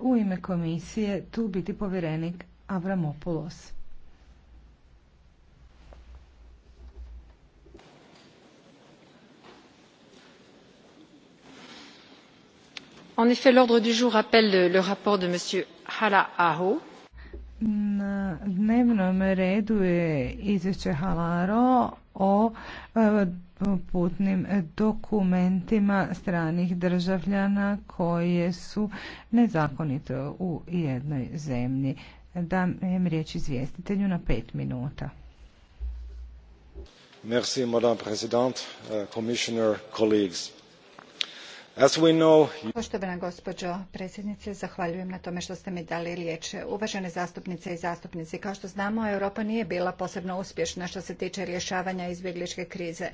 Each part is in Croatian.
u ime komisije tu biti povjerenik Avramopoulos. En effet, l'ordre du jour appelle le rapport de monsieur Hala Aho. Na dnevnom redu je izvješće Halaro o e, putnim dokumentima stranih državljana koje su nezakonito u jednoj zemlji. Dajem riječ izvjestitelju na pet minuta. Merci, madame president, uh, commissioner, Poštovana gospođo predsjednice, zahvaljujem na tome što ste mi dali riječ. Uvažene zastupnice i zastupnici, kao što znamo, Europa nije bila posebno uspješna što se tiče rješavanja izbjegličke krize.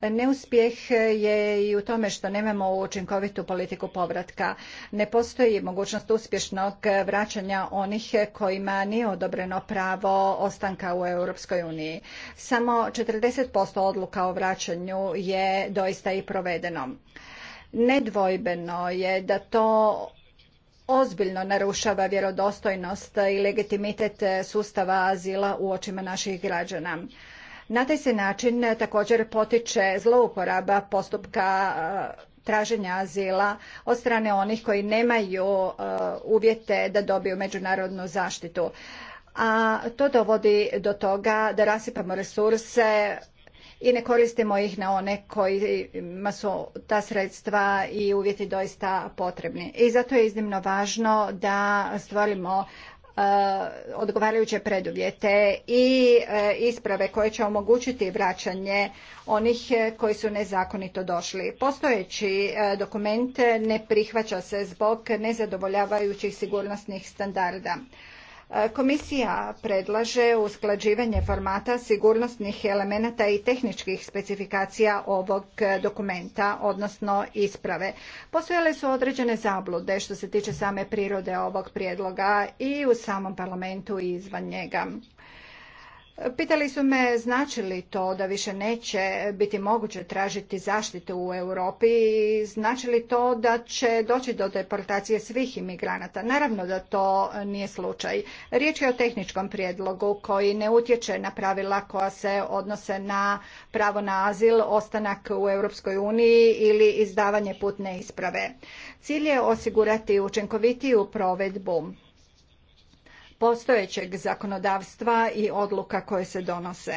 Neuspjeh je i u tome što nemamo učinkovitu politiku povratka. Ne postoji mogućnost uspješnog vraćanja onih kojima nije odobreno pravo ostanka u Europskoj uniji. Samo 40% odluka o vraćanju je doista i provedeno. Nedvojbeno je da to ozbiljno narušava vjerodostojnost i legitimitet sustava azila u očima naših građana. Na taj se način također potiče zlouporaba postupka e, traženja azila od strane onih koji nemaju e, uvjete da dobiju međunarodnu zaštitu. A to dovodi do toga da rasipamo resurse i ne koristimo ih na one kojima su ta sredstva i uvjeti doista potrebni. I zato je iznimno važno da stvorimo e, odgovarajuće preduvjete i e, isprave koje će omogućiti vraćanje onih koji su nezakonito došli. Postojeći e, dokument ne prihvaća se zbog nezadovoljavajućih sigurnosnih standarda. Komisija predlaže usklađivanje formata sigurnosnih elemenata i tehničkih specifikacija ovog dokumenta, odnosno isprave. Postojale su određene zablude što se tiče same prirode ovog prijedloga i u samom parlamentu i izvan njega. Pitali su me znači li to da više neće biti moguće tražiti zaštitu u Europi i znači li to da će doći do deportacije svih imigranata. Naravno da to nije slučaj. Riječ je o tehničkom prijedlogu koji ne utječe na pravila koja se odnose na pravo na azil, ostanak u Europskoj uniji ili izdavanje putne isprave. Cilj je osigurati učinkovitiju provedbu postojećeg zakonodavstva i odluka koje se donose.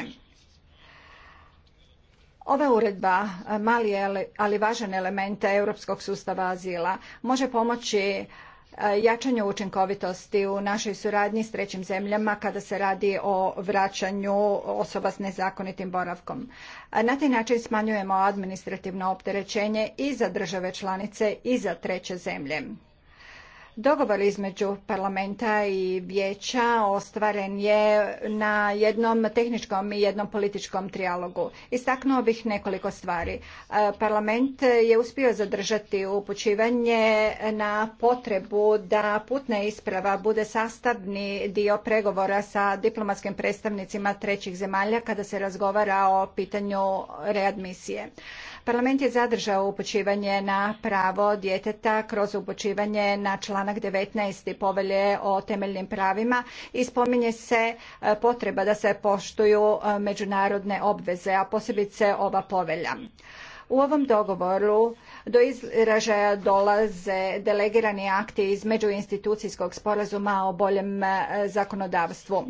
Ova uredba, mali ali važan element europskog sustava azila, može pomoći e, jačanju učinkovitosti u našoj suradnji s trećim zemljama kada se radi o vraćanju osoba s nezakonitim boravkom. Na taj način smanjujemo administrativno opterećenje i za države članice i za treće zemlje. Dogovor između parlamenta i vijeća ostvaren je na jednom tehničkom i jednom političkom trijalogu. Istaknuo bih nekoliko stvari. E, Parlament je uspio zadržati upućivanje na potrebu da putna isprava bude sastavni dio pregovora sa diplomatskim predstavnicima trećih zemalja kada se razgovara o pitanju readmisije. Parlament je zadržao upućivanje na pravo djeteta kroz upućivanje na članak 19. povelje o temeljnim pravima i spominje se e, potreba da se poštuju e, međunarodne obveze, a posebice ova povelja. U ovom dogovoru do izražaja dolaze delegirani akti iz međuinstitucijskog sporazuma o boljem e, zakonodavstvu.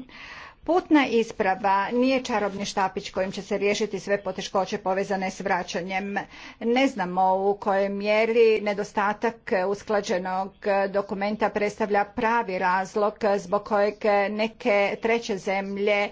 Putna isprava nije čarobni štapić kojim će se riješiti sve poteškoće povezane s vraćanjem. Ne znamo u kojoj mjeri nedostatak usklađenog dokumenta predstavlja pravi razlog zbog kojeg neke treće zemlje e,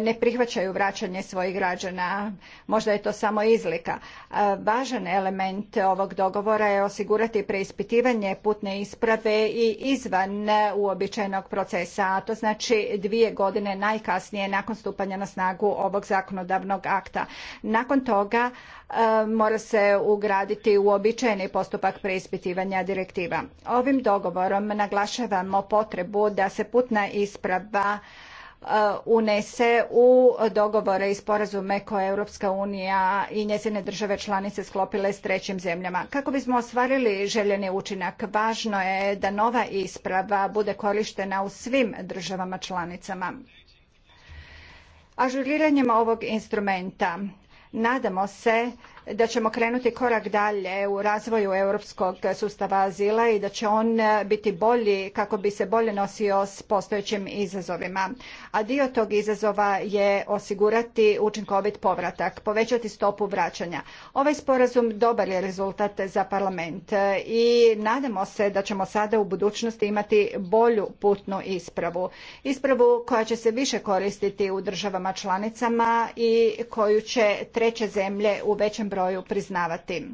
ne prihvaćaju vraćanje svojih građana. Možda je to samo izlika. E, važan element ovog dogovora je osigurati preispitivanje putne isprave i izvan uobičajenog procesa, a to znači dvije godine najkasnije nakon stupanja na snagu ovog zakonodavnog akta. Nakon toga e, mora se ugraditi u uobičajeni postupak preispitivanja direktiva. Ovim dogovorom naglašavamo potrebu da se putna isprava e, unese u dogovore i sporazume koje Europska unija i njezine države članice sklopile s trećim zemljama. Kako bismo ostvarili željeni učinak, važno je da nova isprava bude korištena u svim državama članicama. Ažuriranjem ovog instrumenta nadamo se da ćemo krenuti korak dalje u razvoju europskog sustava azila i da će on biti bolji kako bi se bolje nosio s postojećim izazovima a dio tog izazova je osigurati učinkovit povratak, povećati stopu vraćanja. Ovaj sporazum dobar je rezultat za parlament e, i nadamo se da ćemo sada u budućnosti imati bolju putnu ispravu. Ispravu koja će se više koristiti u državama članicama i koju će treće zemlje u većem broju priznavati.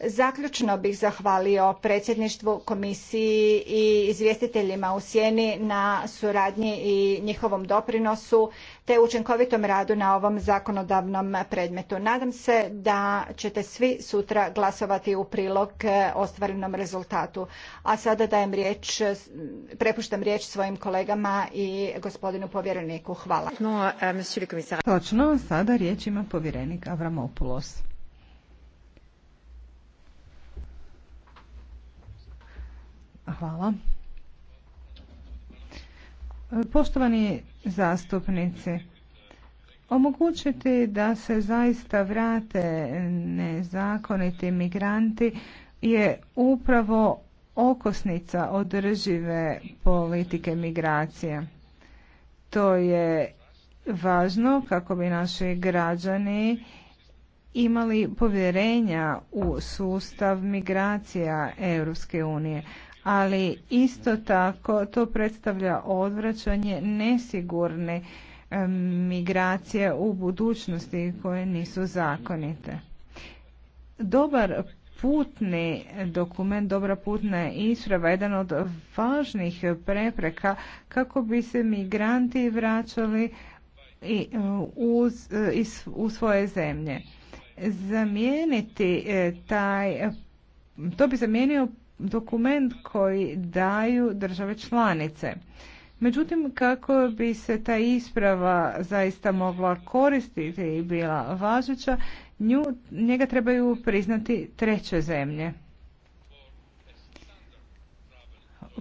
Zaključno bih zahvalio predsjedništvu, komisiji i izvjestiteljima u sjeni na suradnji i njihovom doprinosu te učinkovitom radu na ovom zakonodavnom predmetu. Nadam se da ćete svi sutra glasovati u prilog e, ostvarenom rezultatu. A sada dajem riječ, prepuštam riječ svojim kolegama i gospodinu povjereniku. Hvala. Točno, sada riječ ima povjerenik Avramopoulos. Hvala. Poštovani zastupnici, omogućiti da se zaista vrate nezakoniti migranti je upravo okosnica održive politike migracije. To je važno kako bi naši građani imali povjerenja u sustav migracija Europske unije, ali isto tako to predstavlja odvraćanje nesigurne migracije u budućnosti koje nisu zakonite. Dobar putni dokument, dobra putna isprava, jedan od važnih prepreka kako bi se migranti vraćali e, e, u svoje zemlje. Zamijeniti e, taj, to bi zamijenio dokument koji daju države članice. Međutim, kako bi se ta isprava zaista mogla koristiti i bila važeća, njega trebaju priznati treće zemlje.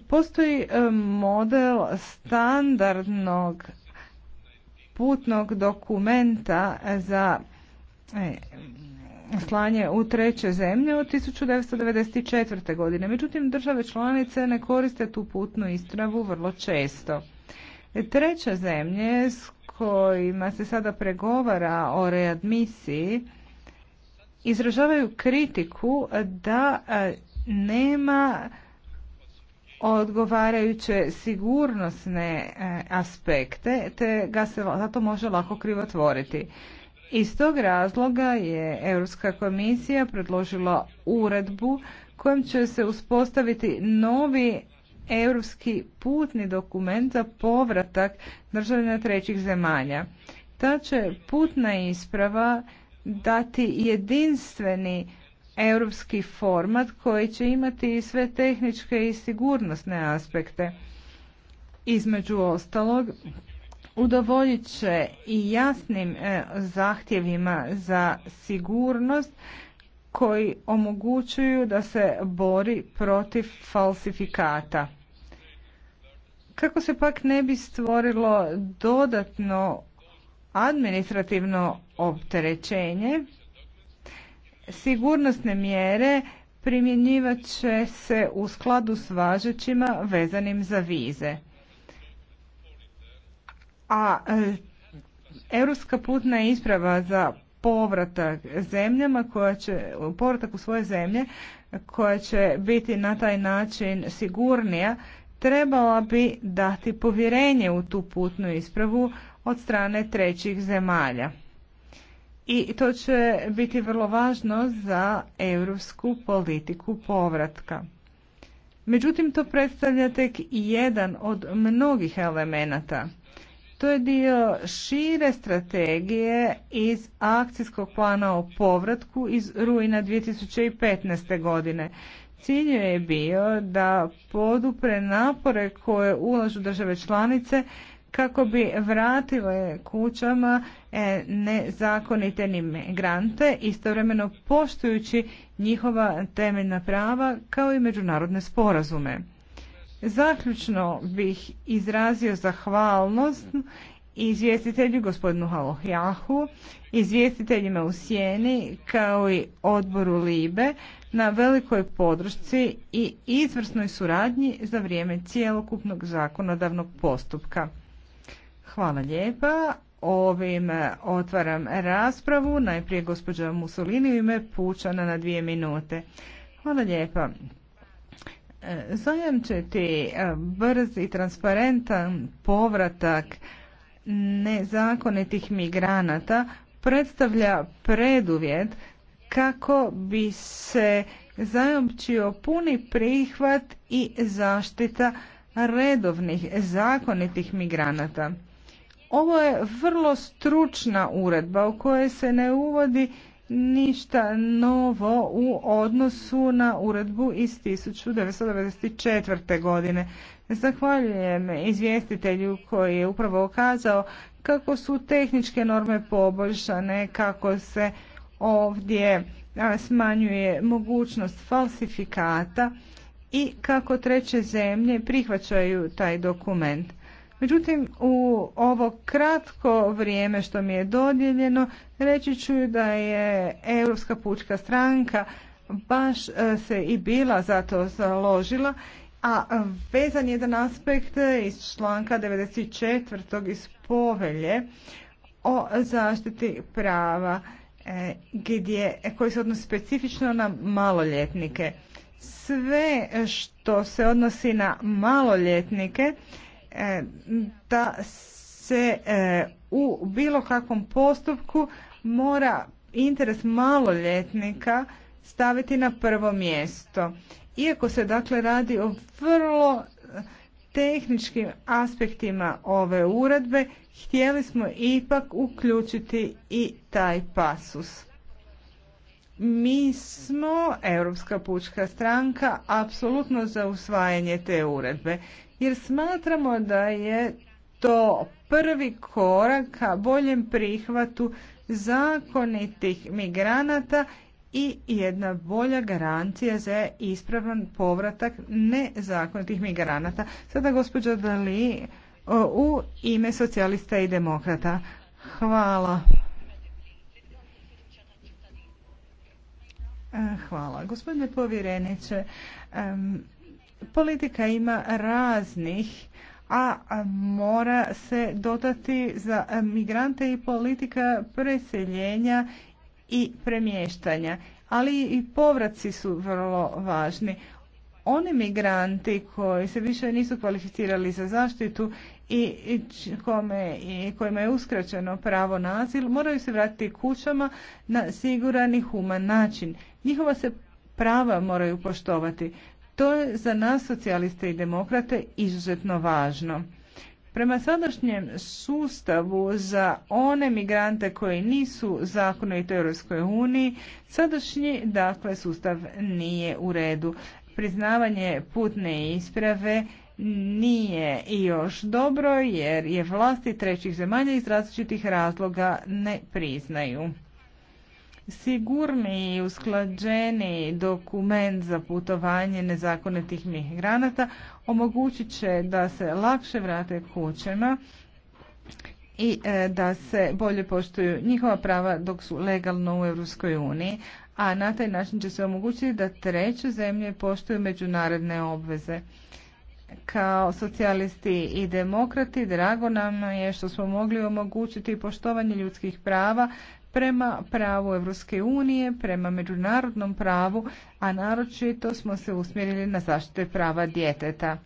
Postoji e, model standardnog putnog dokumenta za e, slanje u treće zemlje od 1994. godine. Međutim, države članice ne koriste tu putnu istravu vrlo često. Treće zemlje s kojima se sada pregovara o readmisiji izražavaju kritiku da e, nema odgovarajuće sigurnosne e, aspekte, te ga se zato može lako krivotvoriti. Iz tog razloga je Europska komisija predložila uredbu kojom će se uspostaviti novi europski putni dokument za povratak državljana trećih zemalja. Ta će putna isprava dati jedinstveni europski format koji će imati sve tehničke i sigurnosne aspekte. Između ostalog, udovoljit će i jasnim e, zahtjevima za sigurnost koji omogućuju da se bori protiv falsifikata. Kako se pak ne bi stvorilo dodatno administrativno opterećenje, sigurnosne mjere primjenjivat će se u skladu s važećima vezanim za vize a e, europska putna isprava za povratak zemljama koja će, povratak u svoje zemlje koja će biti na taj način sigurnija trebala bi dati povjerenje u tu putnu ispravu od strane trećih zemalja. I to će biti vrlo važno za europsku politiku povratka. Međutim, to predstavlja tek jedan od mnogih elemenata. To je dio šire strategije iz akcijskog plana o povratku iz rujna 2015. godine. Cilj je bio da podupre napore koje ulažu države članice kako bi vratile kućama e, nezakonite migrante, istovremeno poštujući njihova temeljna prava kao i međunarodne sporazume. Zaključno bih izrazio zahvalnost izvjestitelju gospodinu Halohjahu, izvjestiteljima u Sjeni kao i odboru Libe na velikoj podršci i izvrsnoj suradnji za vrijeme cijelokupnog zakonodavnog postupka. Hvala lijepa. Ovim otvaram raspravu. Najprije gospođa Mussolini u ime Pučana na dvije minute. Hvala lijepa zajamčiti e, brz i transparentan povratak nezakonitih migranata predstavlja preduvjet kako bi se zajamčio puni prihvat i zaštita redovnih zakonitih migranata. Ovo je vrlo stručna uredba u kojoj se ne uvodi ništa novo u odnosu na uredbu iz 1994. godine. Zahvaljujem izvjestitelju koji je upravo okazao kako su tehničke norme poboljšane, kako se ovdje smanjuje mogućnost falsifikata i kako treće zemlje prihvaćaju taj dokument. Međutim, u ovo kratko vrijeme što mi je dodijeljeno, reći ću da je Europska pučka stranka baš e, se i bila zato založila, a vezan jedan aspekt iz članka 94. iz povelje o zaštiti prava e, gdje, koji se odnosi specifično na maloljetnike. Sve što se odnosi na maloljetnike E, da se e, u bilo kakvom postupku mora interes maloljetnika staviti na prvo mjesto. Iako se dakle radi o vrlo tehničkim aspektima ove uredbe, htjeli smo ipak uključiti i taj pasus. Mi smo, Europska pučka stranka, apsolutno za usvajanje te uredbe jer smatramo da je to prvi korak ka boljem prihvatu zakonitih migranata i jedna bolja garancija za ispravan povratak nezakonitih migranata. Sada gospođa Dali u ime socijalista i demokrata. Hvala. E, hvala. Gospodine povjereniče, Politika ima raznih, a mora se dodati za migrante i politika preseljenja i premještanja. Ali i povraci su vrlo važni. Oni migranti koji se više nisu kvalificirali za zaštitu i kojima je uskraćeno pravo na azil moraju se vratiti kućama na siguran i human način. Njihova se prava moraju poštovati. To je za nas socijaliste i demokrate izuzetno važno. Prema sadašnjem sustavu za one migrante koji nisu zakonito u Europskoj uniji, sadašnji dakle sustav nije u redu. Priznavanje putne isprave nije još dobro jer je vlasti trećih zemalja iz različitih razloga ne priznaju. Sigurni i usklađeni dokument za putovanje nezakonitih migranata omogućit će da se lakše vrate kućama i e, da se bolje poštuju njihova prava dok su legalno u Europskoj uniji, a na taj način će se omogućiti da treće zemlje poštuju međunarodne obveze. Kao socijalisti i demokrati, drago nam je što smo mogli omogućiti poštovanje ljudskih prava prema pravu Europske unije, prema međunarodnom pravu, a naročito smo se usmjerili na zaštite prava djeteta.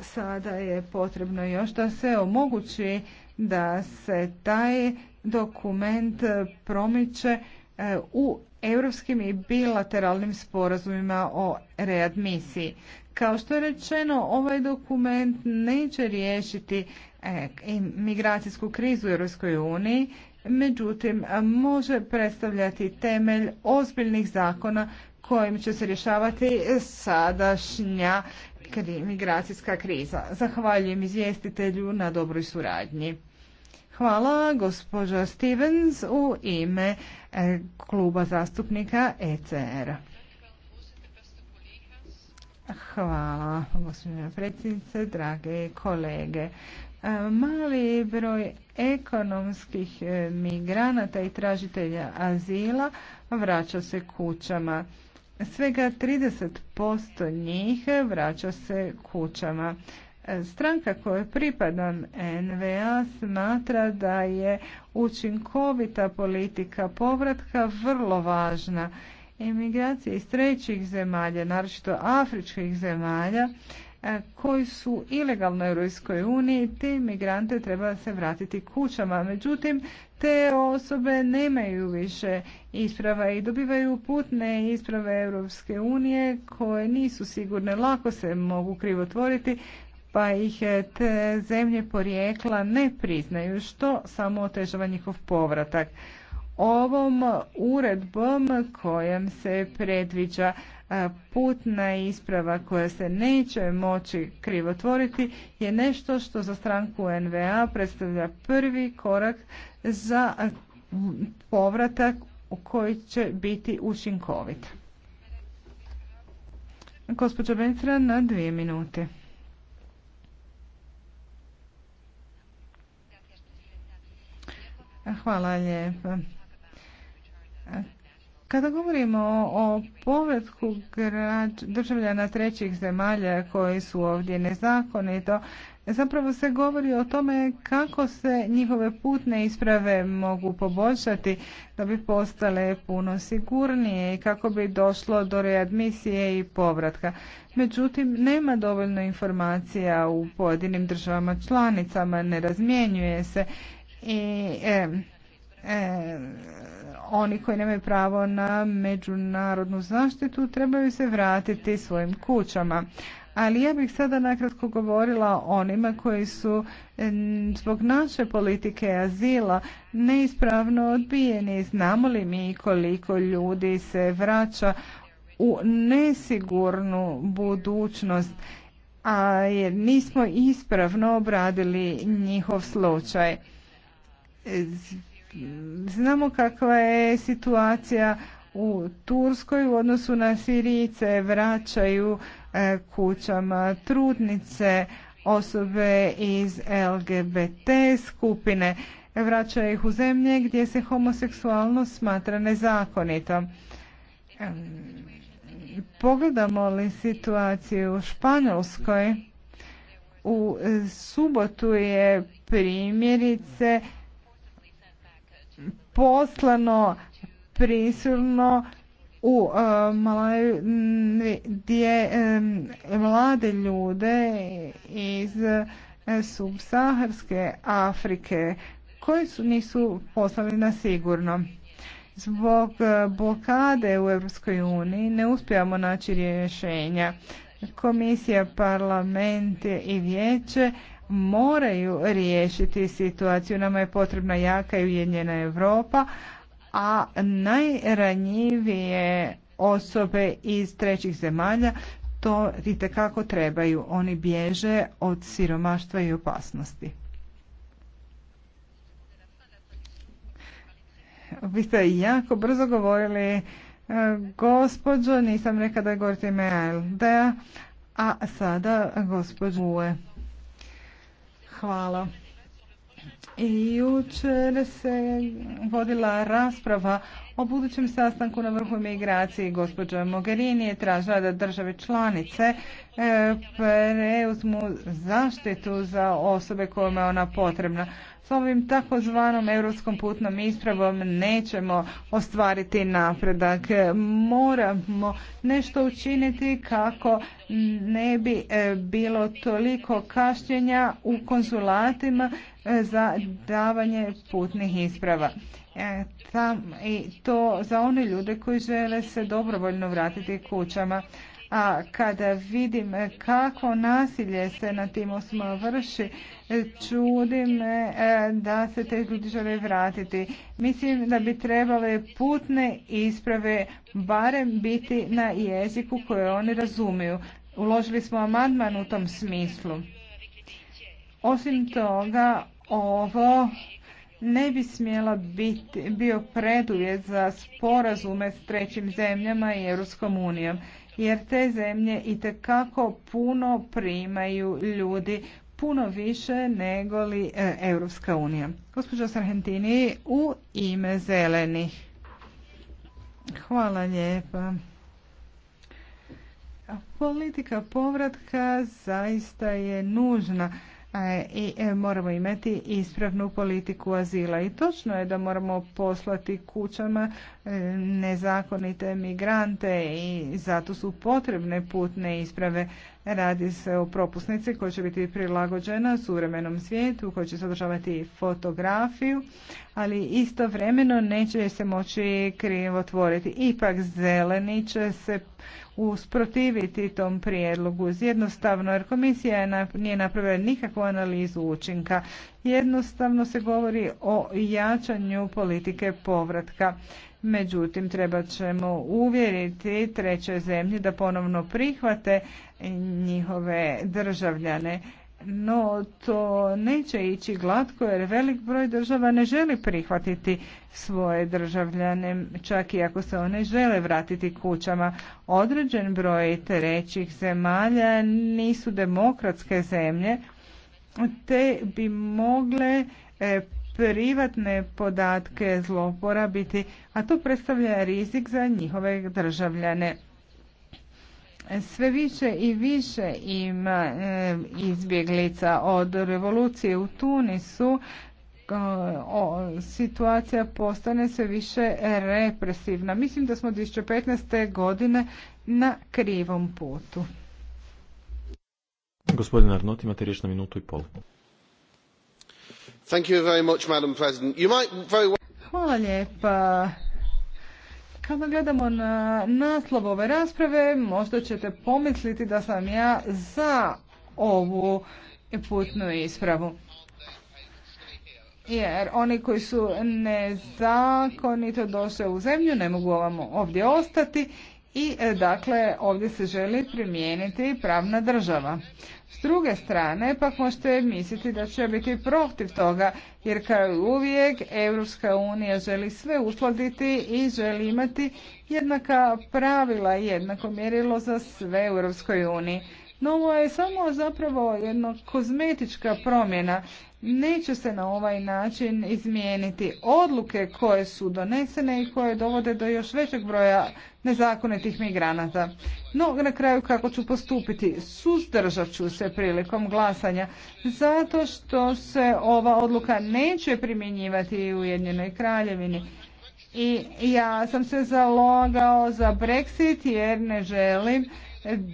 Sada je potrebno još da se omogući da se taj dokument promiče e, u europskim i bilateralnim sporazumima o readmisiji. Kao što je rečeno, ovaj dokument neće riješiti e, migracijsku krizu u Europskoj uniji, međutim može predstavljati temelj ozbiljnih zakona kojim će se rješavati sadašnja migracijska kriza. Zahvaljujem izvjestitelju na dobroj suradnji. Hvala gospođa Stevens u ime e, kluba zastupnika ECR. Hvala gospođa predsjednice, drage kolege. E, mali broj ekonomskih e, migranata i tražitelja azila vraća se kućama. Svega 30% njih vraća se kućama. E, stranka kojoj pripadan NVA smatra da je učinkovita politika povratka vrlo važna. imigracija iz trećih zemalja, naročito afričkih zemalja, E, koji su ilegalno u Europskoj uniji, te migrante treba se vratiti kućama. Međutim, te osobe nemaju više isprava i dobivaju putne isprave Europske unije koje nisu sigurne, lako se mogu krivotvoriti, pa ih e, te zemlje porijekla ne priznaju, što samo otežava njihov povratak. Ovom uredbom kojem se predviđa putna isprava koja se neće moći krivotvoriti je nešto što za stranku NVA predstavlja prvi korak za povratak koji će biti učinkovit. Gospođa Bencera na dvije minute. Hvala lijepa. Kada govorimo o povratku državljana trećih zemalja koji su ovdje nezakonito, zapravo se govori o tome kako se njihove putne isprave mogu poboljšati da bi postale puno sigurnije i kako bi došlo do readmisije i povratka. Međutim, nema dovoljno informacija u pojedinim državama članicama, ne razmjenjuje se i e, e, oni koji nemaju pravo na međunarodnu zaštitu trebaju se vratiti svojim kućama. Ali ja bih sada nakratko govorila o onima koji su e, zbog naše politike azila neispravno odbijeni. Znamo li mi koliko ljudi se vraća u nesigurnu budućnost, a jer nismo ispravno obradili njihov slučaj. E, Znamo kakva je situacija u Turskoj u odnosu na Sirijice, vraćaju e, kućama trudnice, osobe iz LGBT skupine, vraćaju ih u zemlje gdje se homoseksualnost smatra nezakonito. Pogledamo li situaciju u Španjolskoj, u subotu je primjerice poslano prisilno u e, gdje mlade e, ljude iz e, subsaharske Afrike koji su nisu poslali na sigurno. Zbog blokade u Europskoj uniji ne uspijamo naći rješenja. Komisija, parlament i vijeće moraju riješiti situaciju. Nama je potrebna jaka i ujedinjena Europa, a najranjivije osobe iz trećih zemalja to itekako trebaju. Oni bježe od siromaštva i opasnosti. Vi ste jako brzo govorili, e, gospođo, nisam rekla da je govorite ime a sada gospođo Hvala. I jučer se vodila rasprava o budućem sastanku na vrhu migracije. Gospođa Mogherini je tražila da države članice e, preuzmu zaštitu za osobe kojima je ona potrebna. S ovim takozvanom europskom putnom ispravom nećemo ostvariti napredak. Moramo nešto učiniti kako ne bi e, bilo toliko kašnjenja u konzulatima e, za davanje putnih isprava. E, tam, I to za one ljude koji žele se dobrovoljno vratiti kućama. A kada vidim kako nasilje se na tim osmo vrši, čudi me e, da se te ljudi žele vratiti. Mislim da bi trebale putne isprave barem biti na jeziku koje oni razumiju. Uložili smo amandman u tom smislu. Osim toga, ovo ne bi smjela biti bio preduvjet za sporazume s trećim zemljama i Europskom unijom jer te zemlje i kako puno primaju ljudi puno više nego li e, Europska unija. Gospođo Sarhentini u ime zelenih. Hvala lijepa. Politika povratka zaista je nužna i e, moramo imati ispravnu politiku azila. I točno je da moramo poslati kućama e, nezakonite migrante i zato su potrebne putne isprave. Radi se o propusnici koja će biti prilagođena suvremenom svijetu, koja će sadržavati fotografiju, ali istovremeno neće se moći otvoriti. Ipak zeleni će se usprotiviti tom prijedlogu. Jednostavno, jer komisija nije napravila nikakvu analizu učinka. Jednostavno se govori o jačanju politike povratka. Međutim, treba ćemo uvjeriti treće zemlje da ponovno prihvate njihove državljane. No, to neće ići glatko jer velik broj država ne želi prihvatiti svoje državljane, čak i ako se one žele vratiti kućama. Određen broj trećih zemalja nisu demokratske zemlje, te bi mogle e, privatne podatke zloporabiti, a to predstavlja rizik za njihove državljane sve više i više ima e, izbjeglica od revolucije u Tunisu e, situacija postane sve više represivna. Mislim da smo 2015. godine na krivom putu. Gospodin Arnot, imate riječ na minutu i pol. Hvala lijepa kada gledamo na naslov ove rasprave, možda ćete pomisliti da sam ja za ovu putnu ispravu. Jer oni koji su nezakonito došli u zemlju ne mogu ovamo ovdje ostati i e, dakle ovdje se želi primijeniti pravna država druge strane, pak možete misliti da će biti protiv toga, jer kao i uvijek Europska unija želi sve uskladiti i želi imati jednaka pravila i jednako mjerilo za sve u Europskoj uniji. No ovo je samo zapravo jedna kozmetička promjena neće se na ovaj način izmijeniti odluke koje su donesene i koje dovode do još većeg broja nezakonitih migranata. No, na kraju kako ću postupiti? Suzdržat ću se prilikom glasanja, zato što se ova odluka neće primjenjivati u Ujedinjenoj kraljevini. I ja sam se zalogao za Brexit jer ne želim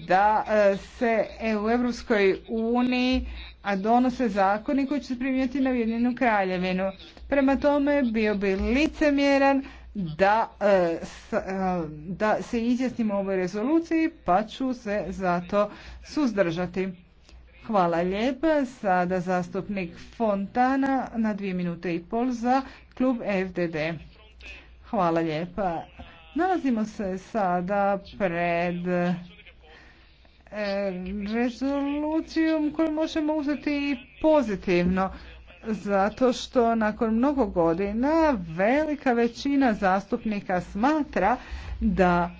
da e, se u Europskoj uniji a donose zakoni koji će se primijeti na Ujedinjenu kraljevinu. Prema tome bio bi licemjeran da, e, e, da se izjasnimo o ovoj rezoluciji pa ću se zato suzdržati. Hvala lijepa. Sada zastupnik Fontana na dvije minute i pol za klub FDD. Hvala lijepa. Nalazimo se sada pred rezolucijom koju možemo uzeti pozitivno zato što nakon mnogo godina velika većina zastupnika smatra da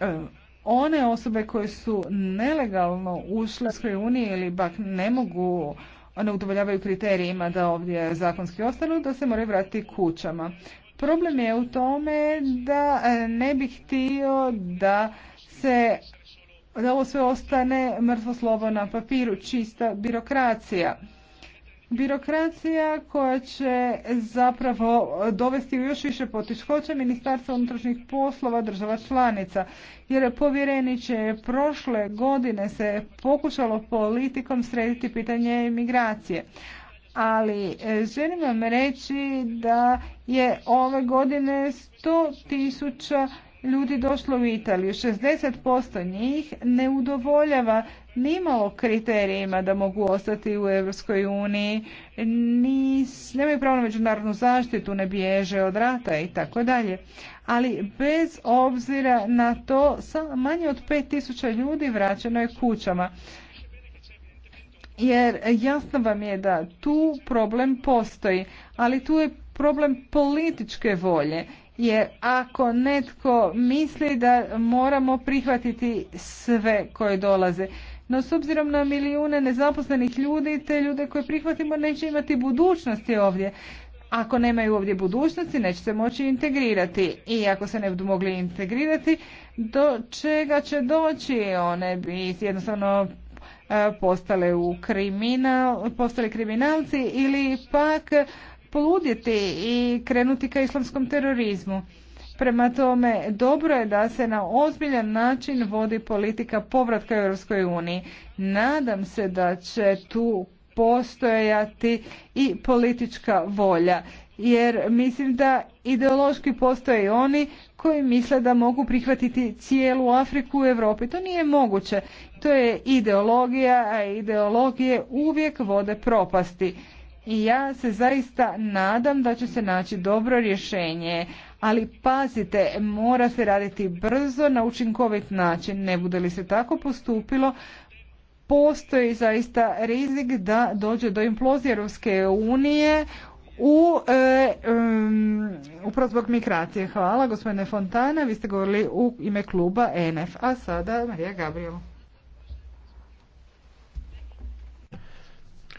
e, one osobe koje su nelegalno ušle u EU ili bak ne mogu ne udovoljavaju kriterijima da ovdje zakonski ostanu, da se moraju vratiti kućama. Problem je u tome da e, ne bih htio da se da ovo sve ostane mrtvo slovo na papiru, čista birokracija. Birokracija koja će zapravo dovesti u još više poteškoća ministarstva unutrašnjih poslova država članica. Jer će prošle godine se pokušalo politikom srediti pitanje imigracije. Ali e, želim vam reći da je ove godine 100 tisuća ljudi došlo u Italiju. 60% njih ne udovoljava nimalo kriterijima da mogu ostati u Europskoj uniji, nemaju pravo na međunarodnu zaštitu, ne bježe od rata i tako dalje. Ali bez obzira na to, manje od 5000 ljudi vraćeno je kućama. Jer jasno vam je da tu problem postoji, ali tu je problem političke volje jer ako netko misli da moramo prihvatiti sve koje dolaze, no s obzirom na milijune nezaposlenih ljudi, te ljude koje prihvatimo neće imati budućnosti ovdje. Ako nemaju ovdje budućnosti, neće se moći integrirati. I ako se ne budu mogli integrirati, do čega će doći? One bi jednostavno e, postale u kriminal, postali kriminalci ili pak poludjeti i krenuti ka islamskom terorizmu. Prema tome, dobro je da se na ozbiljan način vodi politika povratka Europskoj uniji. Nadam se da će tu postojati i politička volja. Jer mislim da ideološki postoje i oni koji misle da mogu prihvatiti cijelu Afriku u Europi. To nije moguće. To je ideologija, a ideologije uvijek vode propasti i ja se zaista nadam da će se naći dobro rješenje. Ali pazite, mora se raditi brzo, na učinkovit način. Ne bude li se tako postupilo, postoji zaista rizik da dođe do implozije Europske unije u, e, um, upravo zbog migracije. Hvala gospodine Fontana, vi ste govorili u ime kluba NF, a sada Marija Gabriel.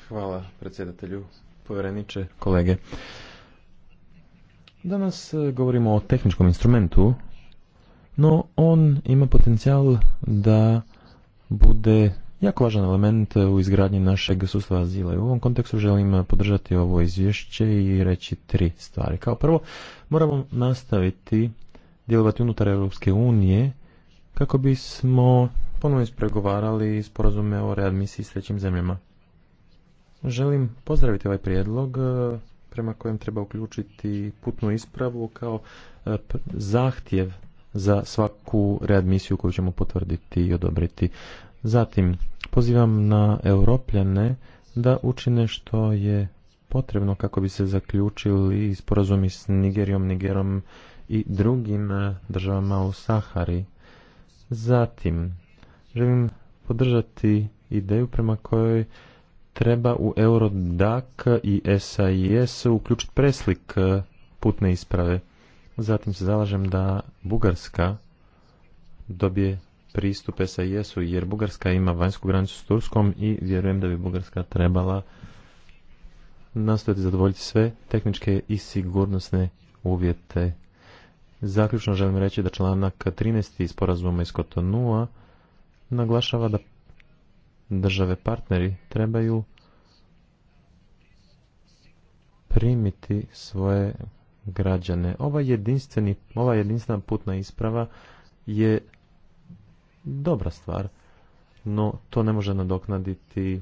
Hvala predsjedatelju, povjereniče, kolege. Danas e, govorimo o tehničkom instrumentu, no on ima potencijal da bude jako važan element u izgradnji našeg sustava azila. U ovom kontekstu želim podržati ovo izvješće i reći tri stvari. Kao prvo, moramo nastaviti djelovati unutar Europske unije kako bismo ponovno ispregovarali sporazume o readmisiji s trećim zemljama. Želim pozdraviti ovaj prijedlog e, prema kojem treba uključiti putnu ispravu kao e, zahtjev za svaku readmisiju koju ćemo potvrditi i odobriti. Zatim, pozivam na europljane da učine što je potrebno kako bi se zaključili sporazumi s Nigerijom, Nigerom i drugim e, državama u Sahari. Zatim, želim podržati ideju prema kojoj treba u Eurodac i SIS uključiti preslik e, putne isprave. Zatim se zalažem da Bugarska dobije pristup SIS-u jer Bugarska ima vanjsku granicu s Turskom i vjerujem da bi Bugarska trebala nastojati zadovoljiti sve tehničke i sigurnosne uvjete. Zaključno želim reći da članak 13. sporazuma iz Kotonua naglašava da države partneri trebaju primiti svoje građane. Ova, jedinstveni, ova jedinstvena putna isprava je dobra stvar, no to ne može nadoknaditi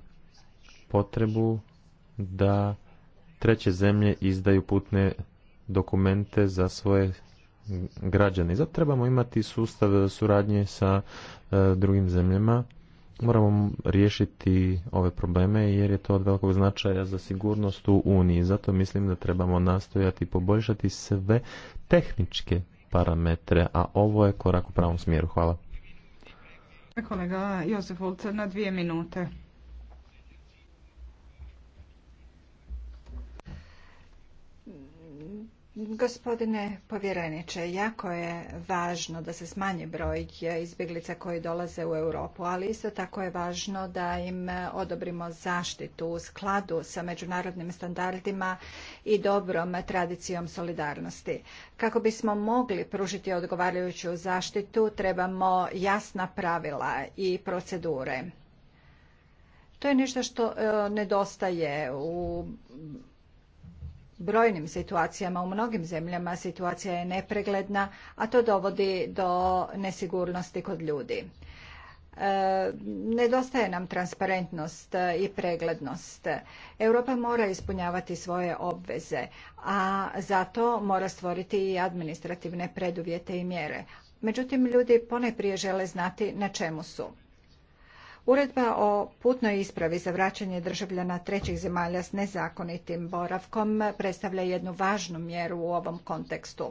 potrebu da treće zemlje izdaju putne dokumente za svoje građane. Zato trebamo imati sustav suradnje sa e, drugim zemljama moramo riješiti ove probleme jer je to od velikog značaja za sigurnost u Uniji. Zato mislim da trebamo nastojati poboljšati sve tehničke parametre, a ovo je korak u pravom smjeru. Hvala. Kolega Josef Ulcer na dvije minute. Gospodine povjereniče, jako je važno da se smanji broj izbjeglica koji dolaze u Europu, ali isto tako je važno da im odobrimo zaštitu u skladu sa međunarodnim standardima i dobrom tradicijom solidarnosti. Kako bismo mogli pružiti odgovarajuću zaštitu, trebamo jasna pravila i procedure. To je nešto što e, nedostaje u brojnim situacijama, u mnogim zemljama situacija je nepregledna, a to dovodi do nesigurnosti kod ljudi. E, nedostaje nam transparentnost i preglednost. Europa mora ispunjavati svoje obveze, a zato mora stvoriti i administrativne preduvjete i mjere. Međutim, ljudi ponajprije žele znati na čemu su. Uredba o putnoj ispravi za vraćanje državljana trećih zemalja s nezakonitim boravkom predstavlja jednu važnu mjeru u ovom kontekstu.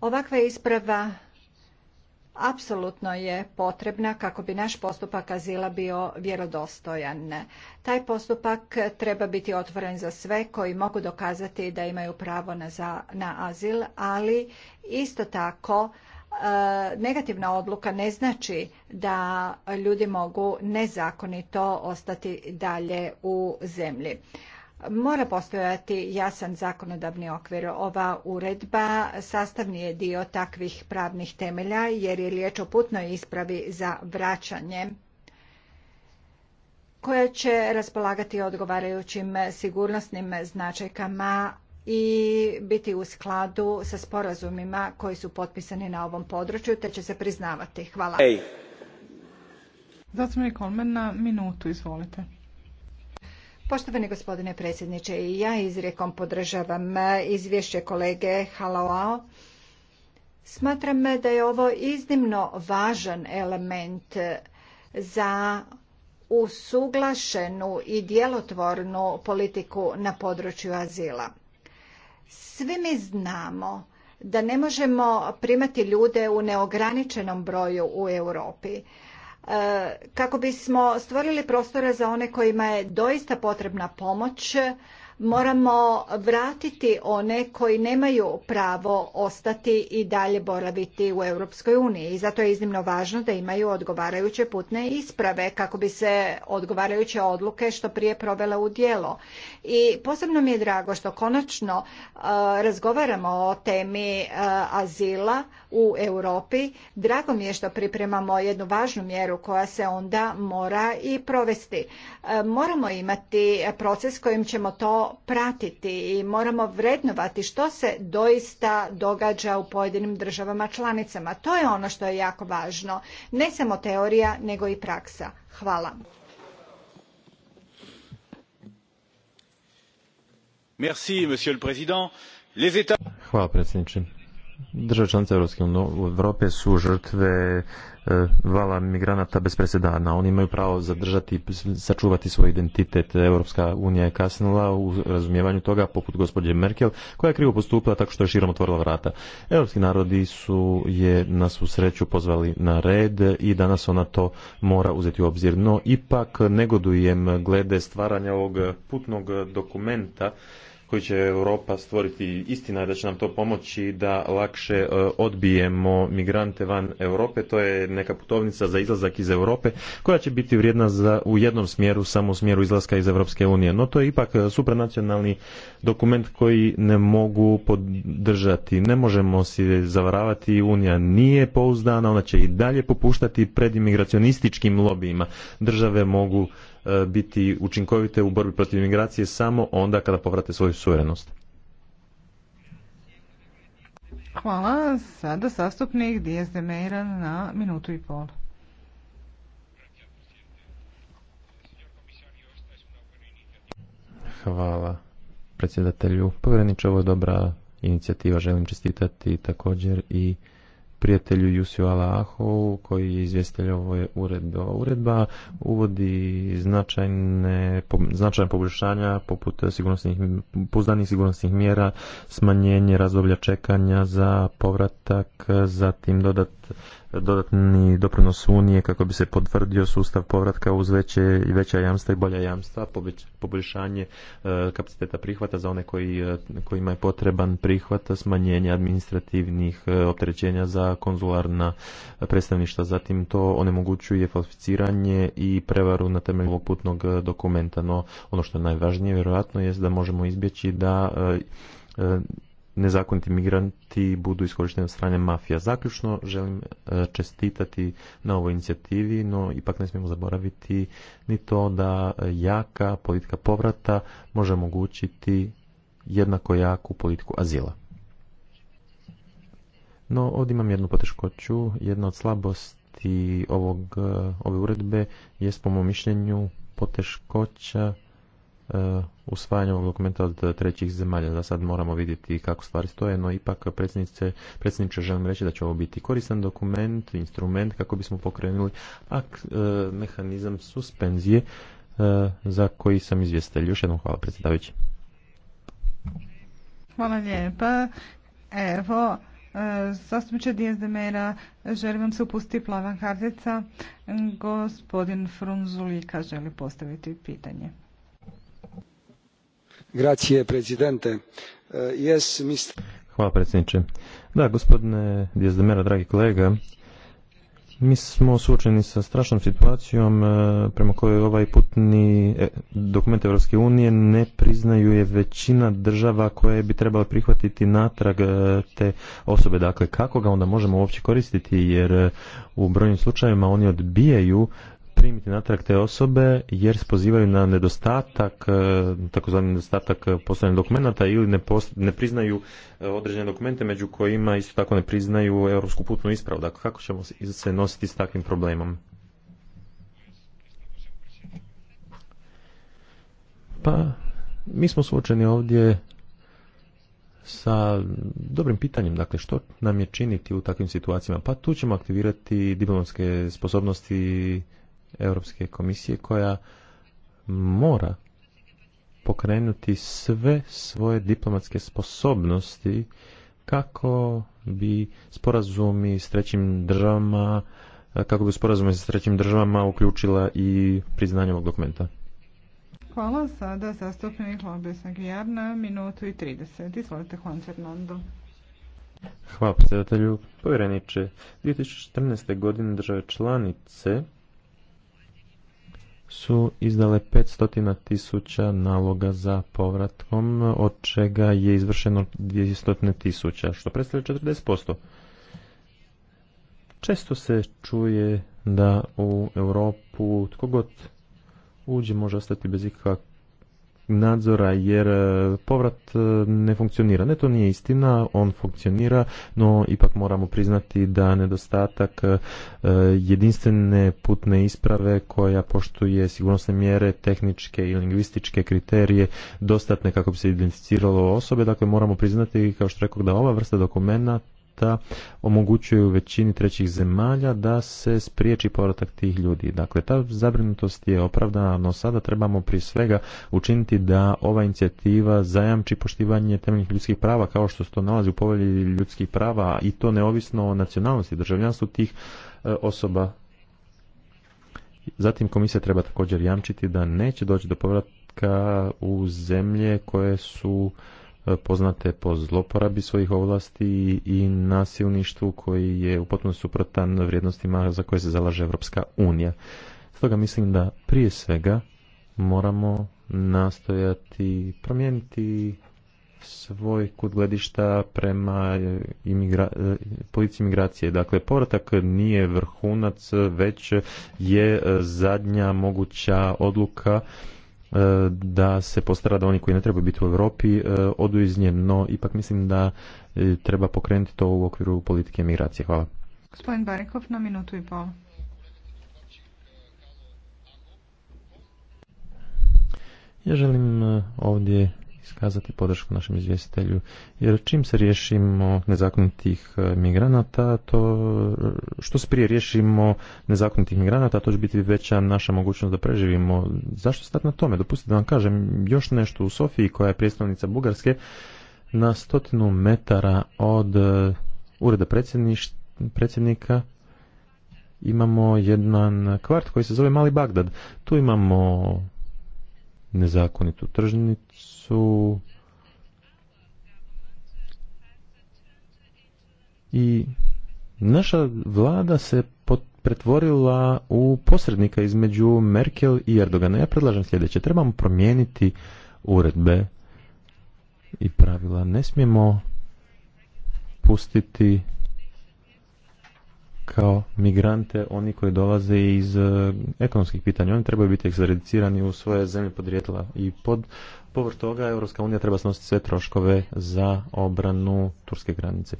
Ovakva isprava apsolutno je potrebna kako bi naš postupak azila bio vjerodostojan. Taj postupak treba biti otvoren za sve koji mogu dokazati da imaju pravo na, na azil, ali isto tako E, negativna odluka ne znači da ljudi mogu nezakonito ostati dalje u zemlji. Mora postojati jasan zakonodavni okvir. Ova uredba sastavni je dio takvih pravnih temelja jer je riječ o putnoj ispravi za vraćanje koja će raspolagati odgovarajućim sigurnosnim značajkama i biti u skladu sa sporazumima koji su potpisani na ovom području te će se priznavati. Hvala. Hey. Zastupnik na minutu, izvolite. Poštovani gospodine predsjedniče, i ja izrijekom podržavam e, izvješće kolege Halao Smatram e, da je ovo iznimno važan element e, za usuglašenu i djelotvornu politiku na području azila. Svi mi znamo da ne možemo primati ljude u neograničenom broju u Europi e, kako bismo stvorili prostore za one kojima je doista potrebna pomoć Moramo vratiti one koji nemaju pravo ostati i dalje boraviti u Europskoj uniji i zato je iznimno važno da imaju odgovarajuće putne isprave kako bi se odgovarajuće odluke što prije provele u djelo. I posebno mi je drago što konačno e, razgovaramo o temi e, azila u Europi. Drago mi je što pripremamo jednu važnu mjeru koja se onda mora i provesti. E, moramo imati proces kojim ćemo to pratiti i moramo vrednovati što se doista događa u pojedinim državama članicama. To je ono što je jako važno. Ne samo teorija, nego i praksa. Hvala. Hvala predsjedniče države članice Europske Europe su žrtve e, vala migranata bez presedana. Oni imaju pravo zadržati, sačuvati svoj identitet. Europska unija je kasnila u razumijevanju toga, poput gospođe Merkel, koja je krivo postupila tako što je širom otvorila vrata. Europski narodi su je na svu sreću pozvali na red i danas ona to mora uzeti u obzir. No, ipak negodujem glede stvaranja ovog putnog dokumenta koji će Europa stvoriti. Istina je da će nam to pomoći da lakše e, odbijemo migrante van Europe. To je neka putovnica za izlazak iz Europe koja će biti vrijedna za, u jednom smjeru, samo u smjeru izlaska iz Europske unije. No to je ipak e, supranacionalni dokument koji ne mogu podržati. Ne možemo se zavaravati. Unija nije pouzdana, ona će i dalje popuštati pred imigracionističkim lobijima. Države mogu E, biti učinkovite u borbi protiv imigracije samo onda kada povrate svoju suverenost. Hvala. Sada sastupnik Dijez Demeira na minutu i pol. Hvala predsjedatelju. Povjereniče, ovo je dobra inicijativa. Želim čestitati također i prijatelju Jusiju Alahovu koji je izvjestitelj ovo uredba. Uredba uvodi značajne, značajne poboljšanja poput sigurnosnih, pouzdanih sigurnosnih mjera, smanjenje razdoblja čekanja za povratak, zatim dodat dodatni doprinos Unije kako bi se potvrdio sustav povratka uz veće i veća jamstva i bolja jamstva, poboljšanje e, kapaciteta prihvata za one koji, e, kojima je potreban prihvat, smanjenje administrativnih e, opterećenja za konzularna predstavništva. Zatim to onemogućuje falsificiranje i prevaru na temelju ovog putnog dokumenta. No ono što je najvažnije vjerojatno je da možemo izbjeći da nezakoniti migranti budu iskorišteni od strane mafija. Zaključno želim e, čestitati na ovoj inicijativi, no ipak ne smijemo zaboraviti ni to da jaka politika povrata može omogućiti jednako jaku politiku azila. No, ovdje imam jednu poteškoću. Jedna od slabosti ovog, e, ove uredbe je po mom mišljenju poteškoća E, usvajanje ovog dokumenta od trećih zemalja. Za sad moramo vidjeti kako stvari stoje, no ipak predsjedniče želim reći da će ovo biti koristan dokument, instrument kako bismo pokrenuli ak, e, mehanizam suspenzije e, za koji sam izvjestitelj. Još jednom hvala predsjedavajući. Hvala lijepa. Evo, Zastupniče Dijez Demera, Mera, želim vam se upustiti plava kartica. Gospodin Frunzulika želi postaviti pitanje. Eh, Hvala predsjedniče. Da, gospodine mera dragi kolega, mi smo suočeni sa strašnom situacijom eh, prema kojoj ovaj putni e, dokument Europske unije ne priznaju je većina država koje bi trebala prihvatiti natrag eh, te osobe. Dakle, kako ga onda možemo uopće koristiti jer u brojnim slučajevima oni odbijaju primiti natrag te osobe jer se pozivaju na nedostatak, e, takozvani nedostatak e, poslovnih dokumenata ili ne, ne priznaju e, određene dokumente među kojima isto tako ne priznaju europsku putnu ispravu. Dakle, kako ćemo se nositi s takvim problemom? Pa, mi smo suočeni ovdje sa dobrim pitanjem, dakle što nam je činiti u takvim situacijama? Pa tu ćemo aktivirati diplomatske sposobnosti Europske komisije koja mora pokrenuti sve svoje diplomatske sposobnosti kako bi sporazumi s trećim državama kako bi sporazumi s trećim državama uključila i priznanje ovog dokumenta. Hvala. Sada zastupnik Lobes Aguiar na minutu i 30. Izvolite, Juan Fernando. Hvala predsjedatelju. Povjereniče, 2014. godine države članice su izdale 500.000 tisuća naloga za povratkom, od čega je izvršeno 200 tisuća, što predstavlja 40%. Često se čuje da u Europu tko god uđe može ostati bez ikakvog nadzora jer e, povrat e, ne funkcionira. Ne, to nije istina, on funkcionira, no ipak moramo priznati da nedostatak e, jedinstvene putne isprave koja poštuje sigurnosne mjere, tehničke i lingvističke kriterije dostatne kako bi se identificiralo osobe. Dakle, moramo priznati, kao što rekao, da ova vrsta dokumenta da omogućuju većini trećih zemalja da se spriječi povratak tih ljudi. Dakle, ta zabrinutost je opravdana, no sada trebamo prije svega učiniti da ova inicijativa zajamči poštivanje temeljnih ljudskih prava kao što se to nalazi u povelji ljudskih prava i to neovisno o nacionalnosti i državljanstvu tih e, osoba Zatim komisija treba također jamčiti da neće doći do povratka u zemlje koje su E, poznate po zloporabi svojih ovlasti i nasilništvu koji je u potpuno suprotan vrijednostima za koje se zalaže Europska unija. Stoga mislim da prije svega moramo nastojati promijeniti svoj kut gledišta prema e, imigra... E, policiji imigracije. Dakle, povratak nije vrhunac, već je zadnja moguća odluka E, da se postara da oni koji ne trebaju biti u Europi e, odu iz nje, no ipak mislim da e, treba pokrenuti to u okviru politike migracije. Hvala. Gospodin Barikov na minutu i pol. Ja želim ovdje iskazati podršku našem izvjestitelju. Jer čim se riješimo nezakonitih e, migranata, to što se prije riješimo nezakonitih migranata, to će biti veća naša mogućnost da preživimo. Zašto stati na tome? Dopustite da vam kažem još nešto u Sofiji koja je predstavnica Bugarske na stotinu metara od e, ureda predsjednika imamo jedan kvart koji se zove Mali Bagdad. Tu imamo nezakonitu tržnicu i naša vlada se pretvorila u posrednika između Merkel i Erdogana. Ja predlažem sljedeće. Trebamo promijeniti uredbe i pravila. Ne smijemo pustiti kao migrante oni koji dolaze iz e, ekonomskih pitanja. Oni trebaju biti ekstradicirani u svoje zemlje podrijetla i pod povr toga Europska unija treba snositi sve troškove za obranu turske granice.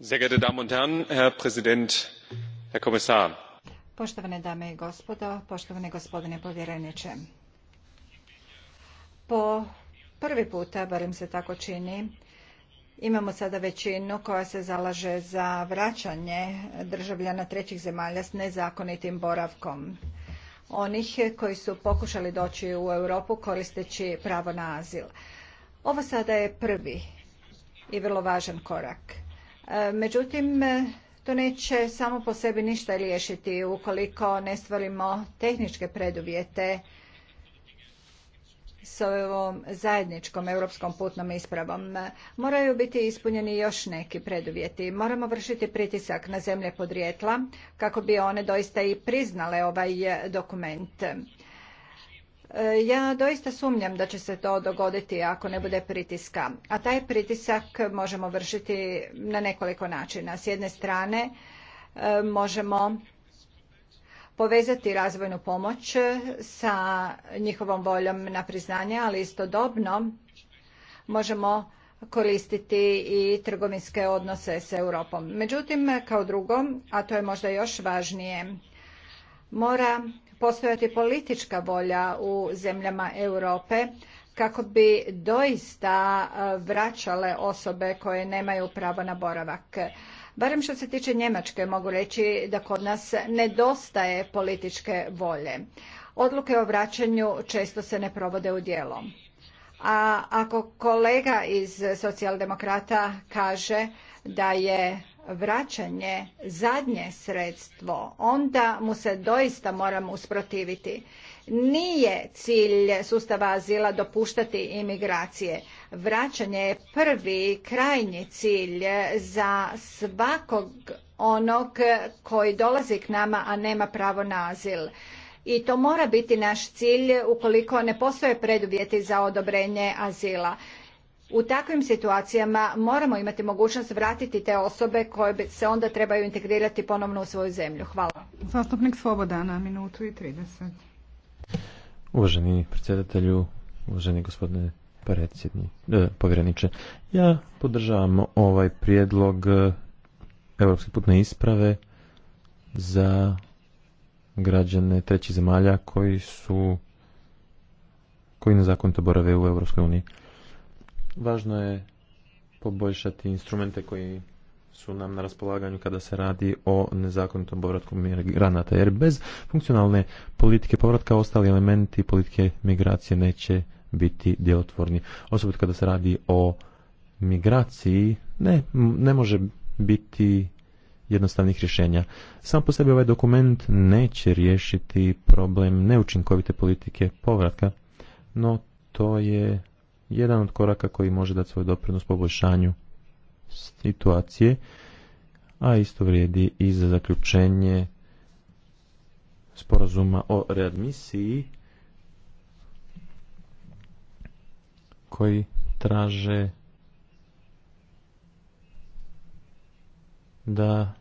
Sehr geehrte und Herren, Herr Präsident, Herr Kommissar. Poštovane dame i gospodo, poštovane gospodine povjereniče. Po prvi puta, barem se tako čini, Imamo sada većinu koja se zalaže za vraćanje državljana trećih zemalja s nezakonitim boravkom. Onih koji su pokušali doći u Europu koristeći pravo na azil. Ovo sada je prvi i vrlo važan korak. E, međutim, to neće samo po sebi ništa riješiti ukoliko ne stvorimo tehničke preduvjete s ovom zajedničkom europskom putnom ispravom moraju biti ispunjeni još neki preduvjeti. Moramo vršiti pritisak na zemlje podrijetla kako bi one doista i priznale ovaj dokument. E, ja doista sumnjam da će se to dogoditi ako ne bude pritiska. A taj pritisak možemo vršiti na nekoliko načina. S jedne strane e, možemo povezati razvojnu pomoć sa njihovom voljom na priznanje, ali istodobno možemo koristiti i trgovinske odnose s Europom. Međutim, kao drugo, a to je možda još važnije, mora postojati politička volja u zemljama Europe kako bi doista vraćale osobe koje nemaju pravo na boravak. Barem što se tiče Njemačke mogu reći da kod nas nedostaje političke volje. Odluke o vraćanju često se ne provode u djelo. A ako kolega iz socijaldemokrata kaže da je vraćanje zadnje sredstvo, onda mu se doista moram usprotiviti. Nije cilj sustava azila dopuštati imigracije. Vraćanje je prvi krajnji cilj za svakog onog koji dolazi k nama, a nema pravo na azil. I to mora biti naš cilj ukoliko ne postoje preduvjeti za odobrenje azila. U takvim situacijama moramo imati mogućnost vratiti te osobe koje se onda trebaju integrirati ponovno u svoju zemlju. Hvala. Zastupnik na minutu i 30. Uvaženi predsjedatelju, uvaženi gospodine predsjednik, e, povjereniče. Ja podržavam ovaj prijedlog e, Europske putne isprave za građane trećih zemalja koji su koji nezakonito borave u Europskoj uniji. Važno je poboljšati instrumente koji su nam na raspolaganju kada se radi o nezakonitom povratku migranata, jer bez funkcionalne politike povratka ostali elementi politike migracije neće biti djelotvorni. Osobito kada se radi o migraciji, ne, ne može biti jednostavnih rješenja. Sam po sebi ovaj dokument neće riješiti problem neučinkovite politike povratka, no to je jedan od koraka koji može dati svoj doprinos poboljšanju situacije, a isto vrijedi i za zaključenje sporazuma o readmisiji koji traže da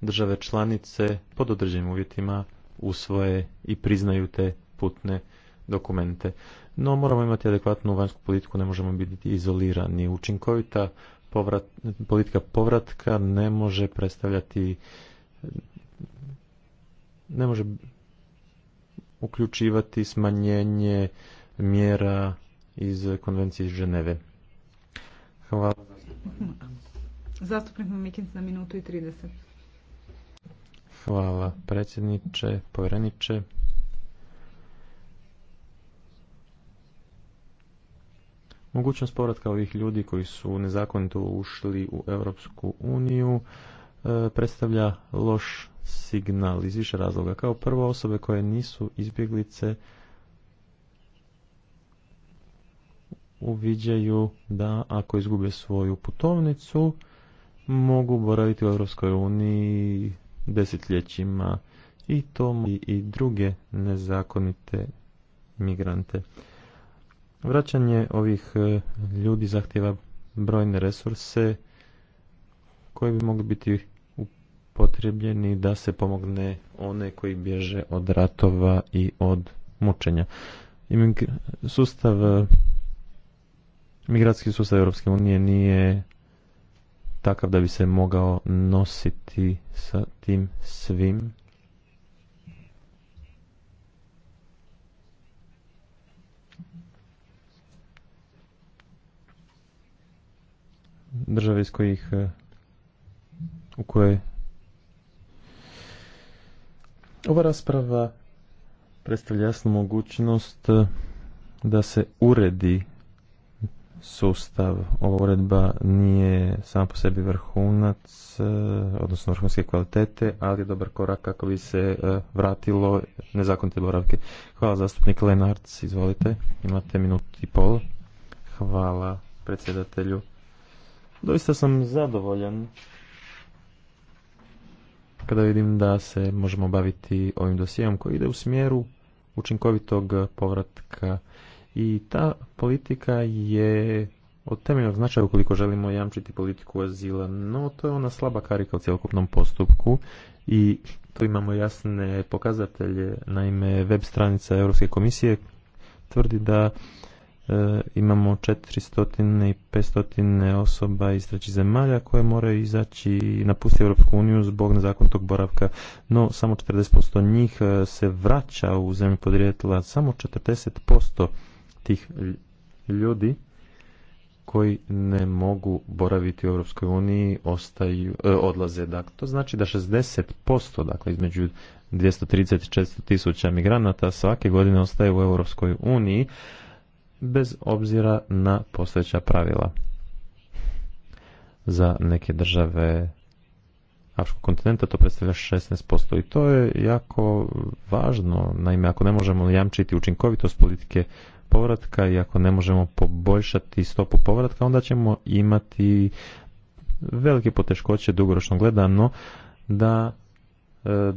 države članice pod određenim uvjetima usvoje i priznaju te putne dokumente. No moramo imati adekvatnu vanjsku politiku, ne možemo biti izolirani. Učinkovita politika povratka ne može predstavljati ne može uključivati smanjenje mjera iz eh, konvencije iz Ženeve. Hvala. Zastupnik na minutu i 30. Hvala predsjedniče, povjereniče. Mogućnost povratka ovih ljudi koji su nezakonito ušli u Europsku uniju eh, predstavlja loš signal iz više razloga. Kao prvo osobe koje nisu izbjeglice uviđaju da ako izgube svoju putovnicu mogu boraviti u Europskoj uniji desetljećima i to i druge nezakonite migrante. Vraćanje ovih e, ljudi zahtjeva brojne resurse koji bi mogli biti upotrebljeni da se pomogne one koji bježe od ratova i od mučenja. Sustav e, migracijski sustav Europske unije nije takav da bi se mogao nositi sa tim svim. Države iz kojih eh, u koje ova rasprava predstavlja jasnu mogućnost eh, da se uredi sustav. Ova uredba nije sam po sebi vrhunac, e, odnosno vrhunske kvalitete, ali je dobar korak kako bi se e, vratilo nezakonite boravke. Hvala zastupnik Lenarc, izvolite, imate minut i pol. Hvala predsjedatelju. Doista sam zadovoljan kada vidim da se možemo baviti ovim dosijom koji ide u smjeru učinkovitog povratka i ta politika je od temeljnog značaja ukoliko želimo jamčiti politiku azila, no to je ona slaba karika u cjelokupnom postupku i tu imamo jasne pokazatelje, naime web stranica Europske komisije tvrdi da e, imamo 400 i 500 osoba iz trećih zemalja koje moraju izaći i napustiti Europsku uniju zbog nezakonitog boravka, no samo 40% njih e, se vraća u zemlju podrijetla, samo 40% tih ljudi koji ne mogu boraviti u Europskoj uniji ostaju, e, odlaze. Dakle, to znači da 60%, dakle između 230 i tisuća migranata svake godine ostaje u Europskoj uniji bez obzira na postojeća pravila. Za neke države Afričkog kontinenta to predstavlja 16% i to je jako važno. Naime, ako ne možemo jamčiti učinkovitost politike povratka i ako ne možemo poboljšati stopu povratka, onda ćemo imati velike poteškoće dugoročno gledano da e,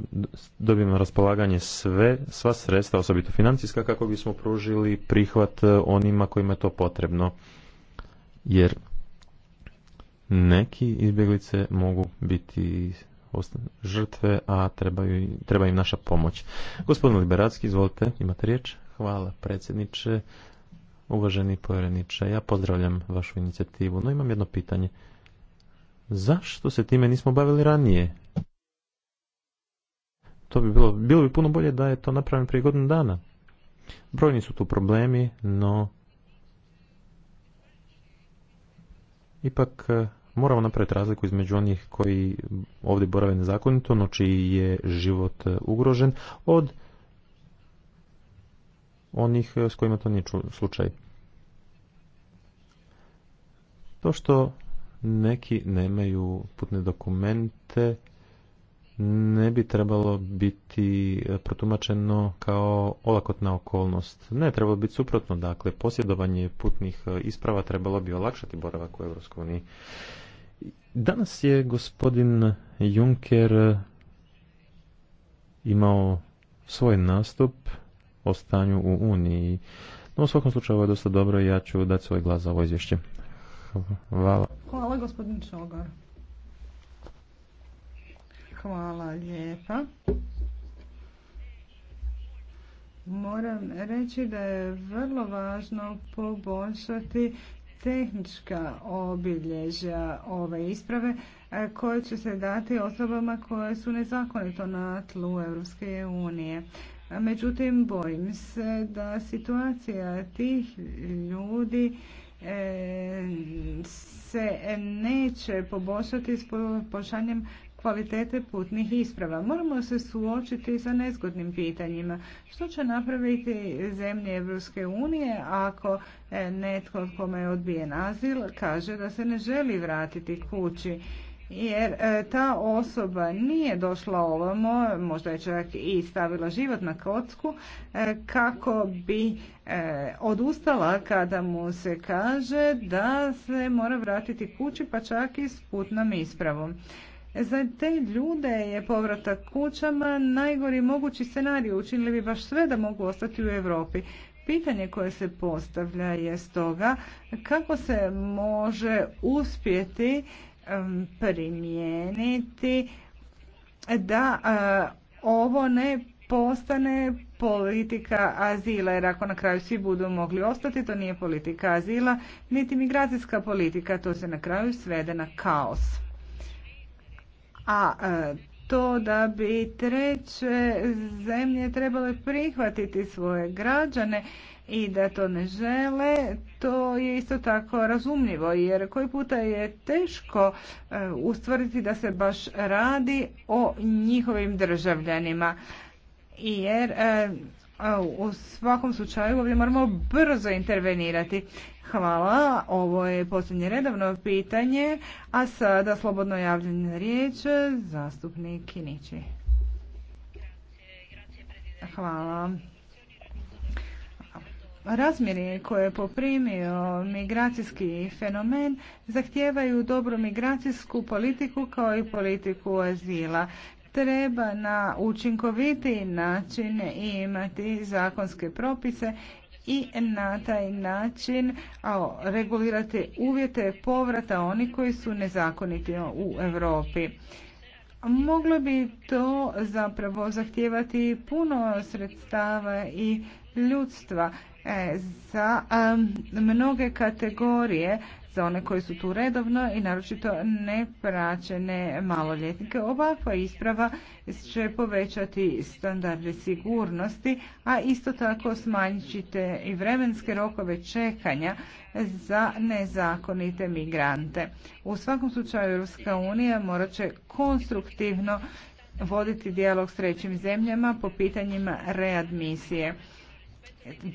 dobijemo raspolaganje sve, sva sredstva, osobito financijska, kako bismo pružili prihvat e, onima kojima je to potrebno. Jer neki izbjeglice mogu biti žrtve, a trebaju, treba im naša pomoć. Gospodin Liberacki, izvolite, imate riječ. Hvala predsjedniče, uvaženi povjereniče. Ja pozdravljam vašu inicijativu, no imam jedno pitanje. Zašto se time nismo bavili ranije? To bi bilo, bilo bi puno bolje da je to napravljeno prije godinu dana. Brojni su tu problemi, no ipak moramo napraviti razliku između onih koji ovdje borave nezakonito, no čiji je život e, ugrožen, od onih e, s kojima to nije slučaj. To što neki nemaju putne dokumente, ne bi trebalo biti protumačeno kao olakotna okolnost. Ne, trebalo biti suprotno. Dakle, posjedovanje putnih e, isprava trebalo bi olakšati boravak u EU. Danas je gospodin Juncker imao svoj nastup o stanju u Uniji. No, u svakom slučaju ovo je dosta dobro i ja ću dati svoj glas za ovo izvješće. Hvala. Hvala gospodin Čogar. Hvala lijepa. Moram reći da je vrlo važno poboljšati tehnička obilježja ove isprave e, koje će se dati osobama koje su nezakonito na tlu Europske unije. Međutim, bojim se da situacija tih ljudi e, se neće poboljšati s poboljšanjem kvalitete putnih isprava. Moramo se suočiti sa nezgodnim pitanjima. Što će napraviti zemlje Evropske unije ako e, netko kome je odbijen azil kaže da se ne želi vratiti kući? Jer e, ta osoba nije došla ovamo, možda je čak i stavila život na kocku, e, kako bi odustala kada mu se kaže da se mora vratiti kući pa čak i s putnom ispravom. Za te ljude je povratak kućama najgori mogući scenarij. Učinili bi baš sve da mogu ostati u Europi. Pitanje koje se postavlja je stoga kako se može uspjeti primijeniti da ovo ne postane politika azila, jer ako na kraju svi budu mogli ostati, to nije politika azila, niti migracijska politika, to se na kraju svede na kaos a e, to da bi treće zemlje trebale prihvatiti svoje građane i da to ne žele, to je isto tako razumljivo jer koji puta je teško e, ustvrditi da se baš radi o njihovim državljanima. Jer e, u svakom slučaju ovdje moramo brzo intervenirati. Hvala. Ovo je posljednje redovno pitanje, a sada slobodno na riječ zastupnik Kinići. Hvala. Razmjeri koje je poprimio migracijski fenomen zahtijevaju dobru migracijsku politiku kao i politiku azila. Treba na učinkoviti način imati zakonske propise i na taj način regulirati uvjete povrata oni koji su nezakoniti u Europi. Moglo bi to zapravo zahtijevati puno sredstava i ljudstva e, za mnoge kategorije za one koji su tu redovno i naročito nepraćene maloljetnike. Ova isprava će povećati standarde sigurnosti, a isto tako smanjit ćete i vremenske rokove čekanja za nezakonite migrante. U svakom slučaju Europska unija morat će konstruktivno voditi dijalog s trećim zemljama po pitanjima readmisije.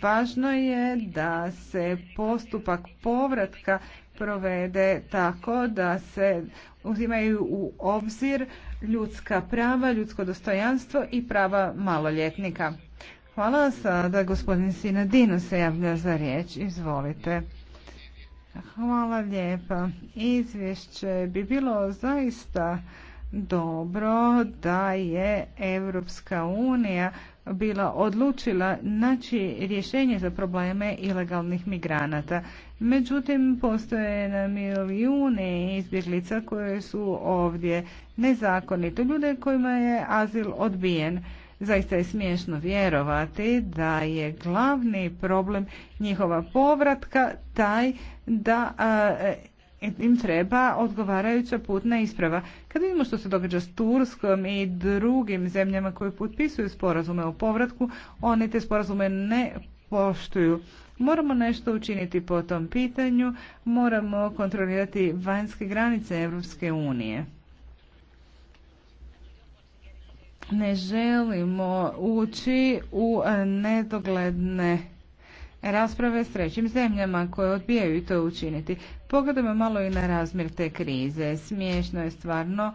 Važno je da se postupak povratka provede tako da se uzimaju u obzir ljudska prava, ljudsko dostojanstvo i prava maloljetnika. Hvala sada gospodin Sinadino se javlja za riječ. Izvolite. Hvala lijepa. Izvješće bi bilo zaista dobro da je Europska unija bila odlučila naći rješenje za probleme ilegalnih migranata. Međutim, postoje na milijune izbjeglica koje su ovdje nezakonito. Ljude kojima je azil odbijen. Zaista je smiješno vjerovati da je glavni problem njihova povratka taj da e, im treba odgovarajuća putna isprava. Kad vidimo što se događa s Turskom i drugim zemljama koje potpisuju sporazume o povratku, oni te sporazume ne poštuju. Moramo nešto učiniti po tom pitanju, moramo kontrolirati vanjske granice Europske unije. Ne želimo ući u nedogledne rasprave s trećim zemljama koje odbijaju to učiniti. Pogledajmo malo i na razmjer te krize. Smiješno je stvarno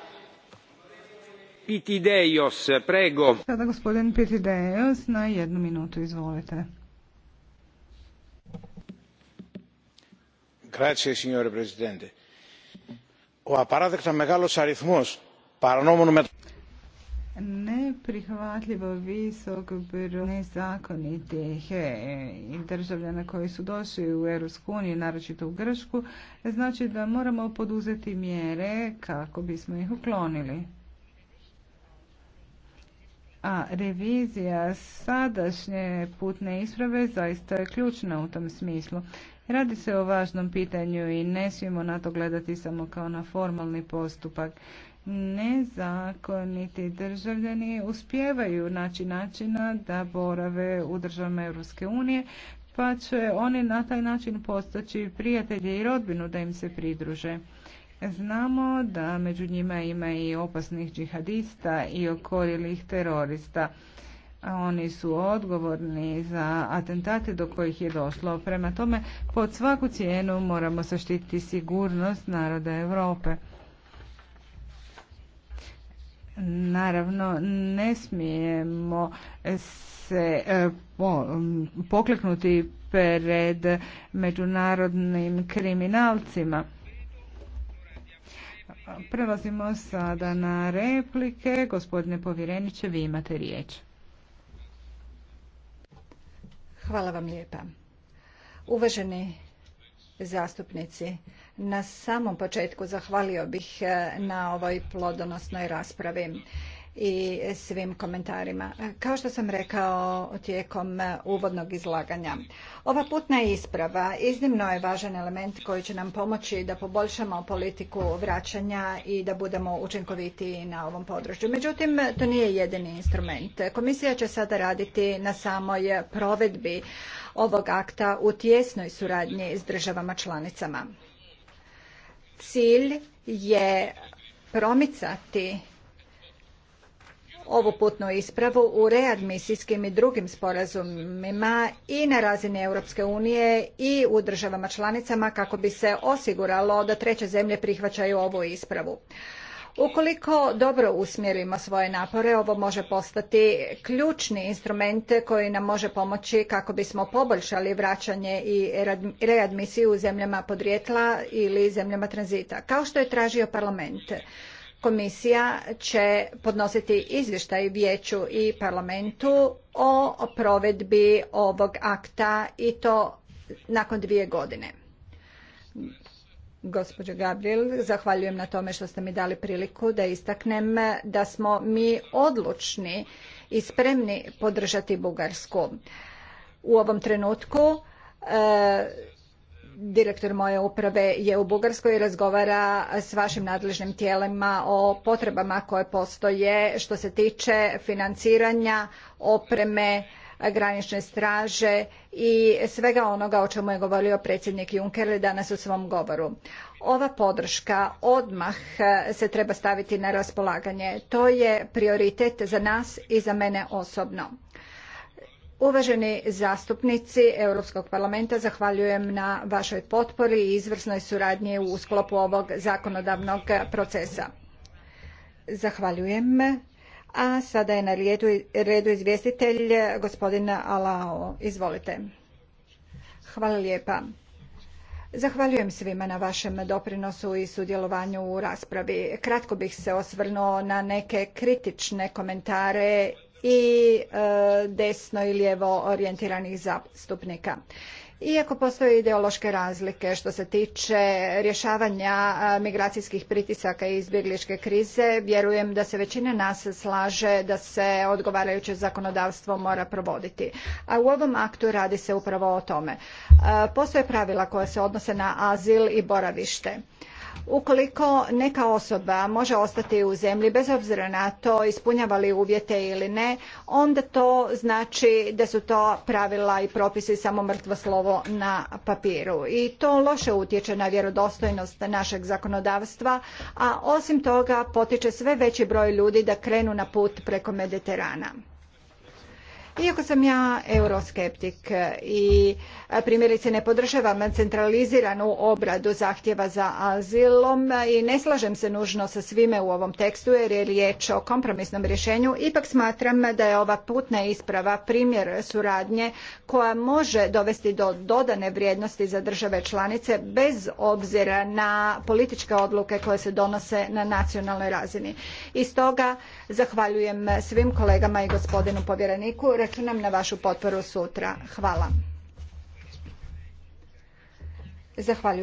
Pitidejos, prego. Sada gospodin Pitidejos na jednu minutu, izvolite. Grazie, signore presidente. O aparadekta megalos arithmos paranomonu met... Neprihvatljivo visok broj nezakonitih e, državljana koji su došli u Europsku uniju, naročito u Gršku, znači da moramo poduzeti mjere kako bismo ih uklonili a revizija sadašnje putne isprave zaista je ključna u tom smislu. Radi se o važnom pitanju i ne smijemo na to gledati samo kao na formalni postupak. Nezakoniti državljani uspijevaju naći načina da borave u državama Europske unije, pa će oni na taj način postaći prijatelje i rodbinu da im se pridruže. Znamo da među njima ima i opasnih džihadista i okorilih terorista. Oni su odgovorni za atentate do kojih je došlo. Prema tome, pod svaku cijenu moramo saštiti sigurnost naroda Europe. Naravno, ne smijemo se e, pokleknuti pred međunarodnim kriminalcima Prelazimo sada na replike. Gospodine povjereniče, vi imate riječ. Hvala vam lijepa. Uvaženi zastupnici, na samom početku zahvalio bih eh, na ovoj plodonosnoj raspravi i svim komentarima. Kao što sam rekao tijekom uvodnog izlaganja, ova putna isprava iznimno je važan element koji će nam pomoći da poboljšamo politiku vraćanja i da budemo učinkoviti na ovom području. Međutim, to nije jedini instrument. Komisija će sada raditi na samoj provedbi ovog akta u tjesnoj suradnji s državama članicama. Cilj je promicati ovu putnu ispravu u readmisijskim i drugim sporazumima i na razini Europske unije i u državama članicama kako bi se osiguralo da treće zemlje prihvaćaju ovu ispravu. Ukoliko dobro usmjerimo svoje napore, ovo može postati ključni instrument koji nam može pomoći kako bismo poboljšali vraćanje i readmisiju u zemljama podrijetla ili zemljama tranzita, kao što je tražio parlament. Komisija će podnositi izvještaj vijeću i parlamentu o provedbi ovog akta i to nakon dvije godine. Gospođo Gabriel, zahvaljujem na tome što ste mi dali priliku da istaknem da smo mi odlučni i spremni podržati Bugarsku. U ovom trenutku e, direktor moje uprave je u Bugarskoj i razgovara s vašim nadležnim tijelima o potrebama koje postoje što se tiče financiranja, opreme, granične straže i svega onoga o čemu je govorio predsjednik Juncker danas u svom govoru. Ova podrška odmah se treba staviti na raspolaganje. To je prioritet za nas i za mene osobno. Uvaženi zastupnici Europskog parlamenta, zahvaljujem na vašoj potpori i izvrsnoj suradnji u sklopu ovog zakonodavnog procesa. Zahvaljujem. A sada je na redu, izvjestitelj gospodin Alao. Izvolite. Hvala lijepa. Zahvaljujem svima na vašem doprinosu i sudjelovanju u raspravi. Kratko bih se osvrnuo na neke kritične komentare i e, desno i lijevo orijentiranih zastupnika. Iako postoje ideološke razlike što se tiče rješavanja e, migracijskih pritisaka i izbjegličke krize, vjerujem da se većina nas slaže da se odgovarajuće zakonodavstvo mora provoditi. A u ovom aktu radi se upravo o tome. E, postoje pravila koja se odnose na azil i boravište. Ukoliko neka osoba može ostati u zemlji bez obzira na to ispunjava li uvjete ili ne, onda to znači da su to pravila i propisi samo mrtvo slovo na papiru. I to loše utječe na vjerodostojnost našeg zakonodavstva, a osim toga potiče sve veći broj ljudi da krenu na put preko Mediterana. Iako sam ja euroskeptik i primjerice ne podržavam centraliziranu obradu zahtjeva za azilom i ne slažem se nužno sa svime u ovom tekstu jer je riječ o kompromisnom rješenju, ipak smatram da je ova putna isprava primjer suradnje koja može dovesti do dodane vrijednosti za države članice bez obzira na političke odluke koje se donose na nacionalnoj razini. I stoga zahvaljujem svim kolegama i gospodinu povjereniku računam na vašu potporu sutra. Hvala. Zahvaljujem.